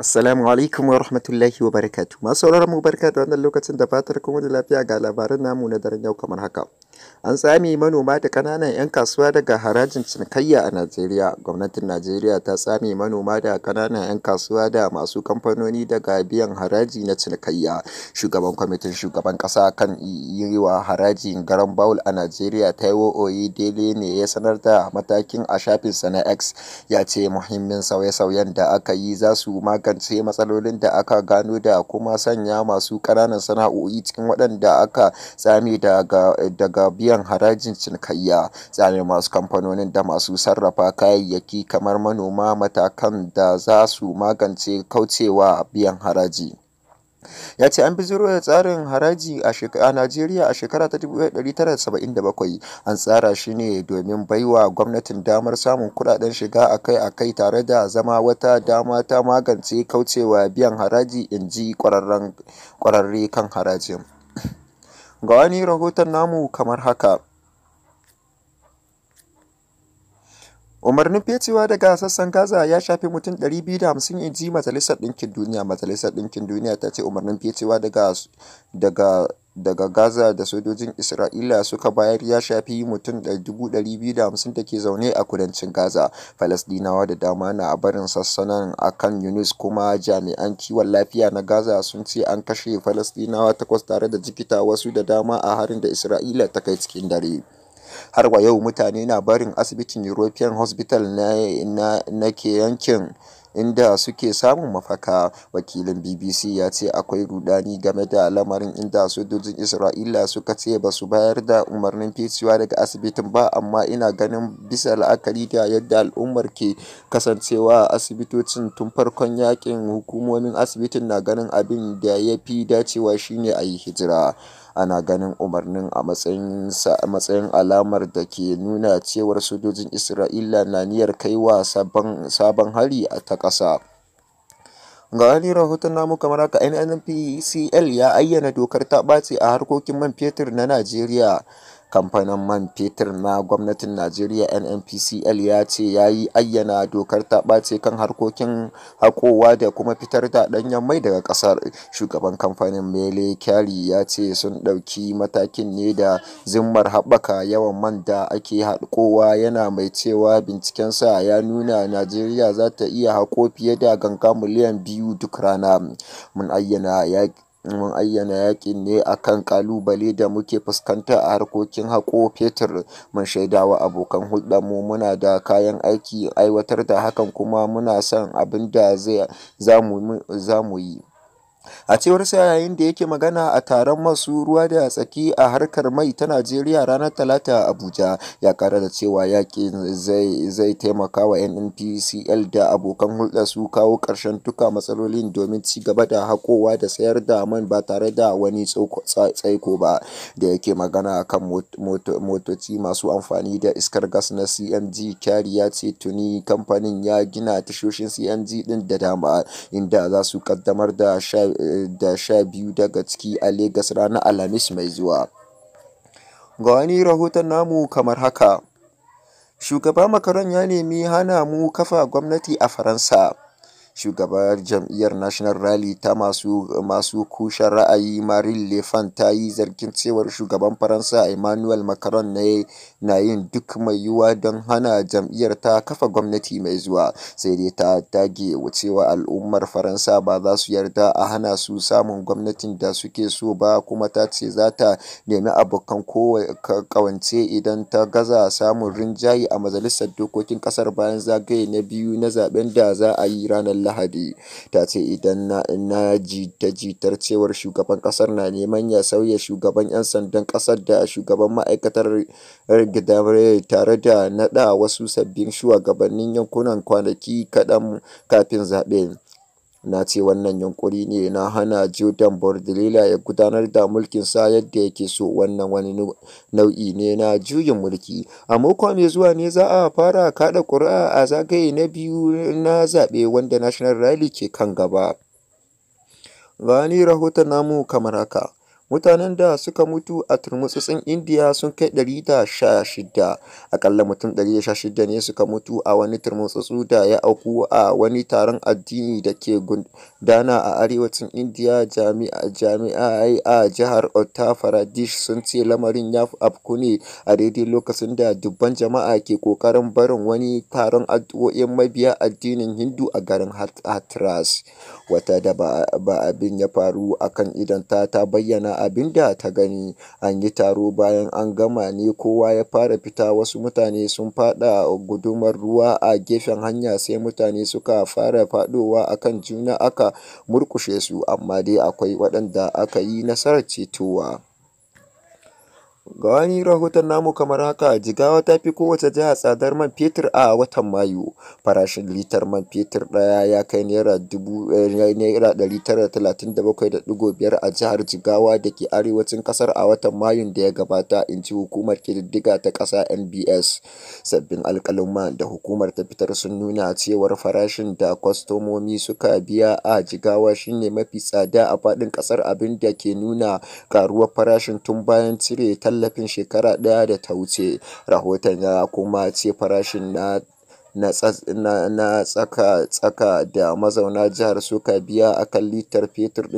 Assalamu alaikum wa rahmatullahi wa barakatu. Masu sauraron mu barka da wannan lokacin da fatar kuma da lafiya ga labaran namu na daren yau kamar haka. An tsame manoma da ƙananan 'yan kasuwa daga harajin cinikayya a Najeriya Gwamnatin Najeriya ta tsame manoma da kananan 'yan kasuwa da masu kamfanoni daga biyan haraji na cinikayya. Shugaban Kwamitin Shugaban Ƙasa kan yi harajin Haraji baul a Najeriya ta oyi dele ne ya sanar da matakin a shafinsa na X, ya ce muhimmin sauye-sauyen da aka yi za su magance matsalolin da aka gano da kuma sanya masu kananan sana'o'i cikin waɗanda aka tsame daga ga biyan harajin cinikayya tsarin masu kamfanonin da masu sarrafa kayayyaki kamar manoma matakan da za su magance kaucewa biyan haraji ya ce an bi da tsarin haraji a najeriya a shekara ta 1977 an tsara shi ne domin baiwa gwamnatin damar samun kudaden shiga akai-akai tare da zama wata dama ta magance kaucewa biyan haraji in ji kwararre kan harajin ga wani rahoton namu kamar haka umarnin fecewa daga sassan gaza ya shafi mutum 250 inji majalisar ɗinkin duniya majalisar ɗinkin duniya ta ce umarnin fecewa daga daga Gaza da sojojin Isra'ila suka bayar ya shafi mutum 250,000 da ke zaune a kudancin Gaza. Falasɗinawa da dama na barin sassanan a kan Yunus kuma jami'an kiwon lafiya na Gaza sun ce an kashe Falasdinawa takwas tare da jikita wasu da dama a harin da Isra'ila ta kai cikin dare. har wa yau mutane na barin asibitin european hospital na, yankin inda suke samun mafaka wakilin bbc ya ce akwai rudani game da lamarin inda sojojin isra'ila suka ce ba su bayar da umarnin fitowa daga asibitin ba amma ina ganin bisa la'akari da yadda al'ummar ke kasancewa a asibitocin tun farkon yakin hukumomin asibitin na ganin abin da ya fi dacewa shine a yi hijira Ana ganin umarnin a matsayin alamar da ke nuna cewar sojojin Isra'ila na niyyar kaiwa sabon hari ta ƙasa. ga wani rahoton namu kamar haka nnpcl ya ayyana dokar ta ɓaci a harkokin man fetur na najeriya Kamfanin man fetur na gwamnatin Najeriya NNPCL ya ce ya yi ayyana dokar ta-ɓace kan harkokin haƙowa da kuma fitar da ɗanyen mai daga ƙasar. Shugaban kamfanin Mele Kyari ya ce sun ɗauki matakin ne da zimmar haɓaka yawan man da ake haƙowa yana mai cewa bincikensa ya nuna Najeriya za ta iya haƙo fiye da ganga miliyan biyu duk rana. Mun ayyana Mun ayyana yaƙin ne a kan ƙalubale da muke fuskanta a harkokin haƙo fetur, mun shaidawa abokan mu muna da kayan aiki aiwatar da hakan kuma muna son abin da za mu yi. A cewar sa yayin da yake magana a taron masu ruwa da tsaki a harkar mai ta Najeriya ranar Talata Abuja, ya kara da cewa yakin zai zai taimaka wa NNPCL da abokan hulɗa su kawo ƙarshen duka matsalolin domin ci gaba da haƙowa da sayar da man ba tare da wani tsaiko ba. Da yake magana kan motoci masu amfani da iskar gas na CNG, Kyari ya ce tuni kamfanin ya gina tashoshin CNG ɗin da dama inda za su kaddamar da sha biyu daga ciki a Legas ranar Alhamis mai zuwa. Ga wani rahoton namu kamar haka, Shugaba Macron ya nemi hana mu kafa gwamnati a Faransa. Shugabar Jam'iyyar National Rally ta masu kushen ra'ayi Marine Le Pen ta yi zargin cewar Shugaban Faransa Emmanuel Macron na yin duk mai yiwuwa don hana jam'iyyar ta kafa gwamnati mai zuwa, sai dai ta dage cewa al'ummar Faransa ba za su yarda a hana su samun gwamnatin da suke so ba kuma ta ce za ta nemi abokan ƙawance idan ta gaza samun rinjaye a Majalisar Dokokin ƙasar bayan zagaye na biyu na zaben da za a yi ranar Lahadi. Lahadi, ta ce idan na ta jitar cewar shugaban kasar na neman ya sauya shugaban ‘yan sandan kasar da shugaban ma'aikatar Gendarmerie tare da naɗa wasu sabbin shugabannin yankunan kwanaki kaɗan kafin zaɓen. Na ce wannan yunƙuri ne na hana Jordan bordelila ya gudanar da mulkin sa yadda yake so, wannan wani nau'i ne na juyin mulki. A mako mai zuwa ne za a fara kaɗa ƙuri'a a zagaye na biyu na zaɓe wanda National Rally ke kan gaba. gani rahoton namu kamar haka: Mutanen da suka mutu a turmutsutsun Indiya sun kai 116, aƙalla mutum 116 ne suka mutu a wani turmutsutsu da ya auku a wani taron addini da ke gudana a arewacin Indiya. Jami'ai a jihar Uttar Pradesh sun ce lamarin ya afku ne a daidai lokacin da dubban jama'a ke kokarin barin wani taron addu'o'in mabiya addinin Hindu a garin hatras wata da ba abin ya faru akan idan ta bayyana abin da ta gani: An yi taro bayan an gama ne kowa ya fara fita, wasu mutane sun faɗa gudumar ruwa a gefen hanya sai mutane suka fara faɗowa akan juna aka murƙushe su, amma dai akwai waɗanda aka yi nasarar cetowa. Ga rahoton namu kamar haka, Jigawa ta fi kowace jiha tsadar man fetur a watan Mayu. Farashin litar man fetur daya ya kai Naira 937.5 eh, a jihar Jigawa da ke arewacin kasar a watan Mayun da ya gabata, in ji Hukumar kididdiga ta kasa (NBS). Sabbin alƙaluma da hukumar ta fitar sun nuna cewar farashin da kwastomomi suka biya a Jigawa shine mafi tsada a faɗin kasar abin da ke nuna karuwar farashin tun bayan cire ta tallafin shekara ɗaya da ta wuce. Rahoton ya kuma ce farashin na na tsaka-tsaka da mazauna jihar suka biya a kan litar fetur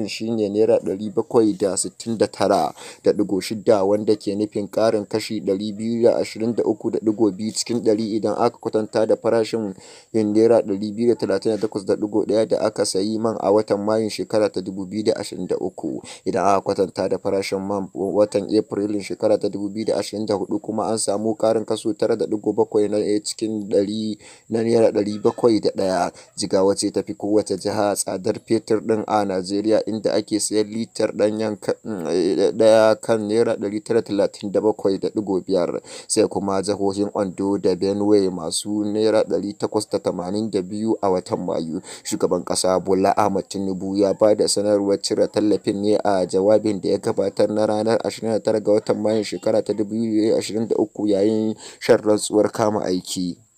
da tara da ɗigo 769.6, wanda ke nufin ƙarin kashi 223.2 cikin ɗari idan aka kwatanta da farashin Naira 238.1 da aka sayi man a watan Mayun shekara ta 2023, idan aka kwatanta da farashin man watan Afrilun shekara ta 2024 kuma an samu ƙarin kaso 9.7 eh, cikin ɗari na naira ɗari bakwai da ɗaya. Jigawa ce ta fi kowace jiha tsadar fetur ɗin a Najeriya, inda ake sayan litar mm, eh, ɗaya kan naira biyar sai kuma jihohin Ondo da Benue masu naira biyu a watan Mayu. Shugaban ƙasa Bola ahmad Tinubu ya ba da sanarwar cire tallafin ne a jawabin da ya gabatar na ranar 29 ga watan mayu shekara ta uku yayin shan rantsuwar kama aiki.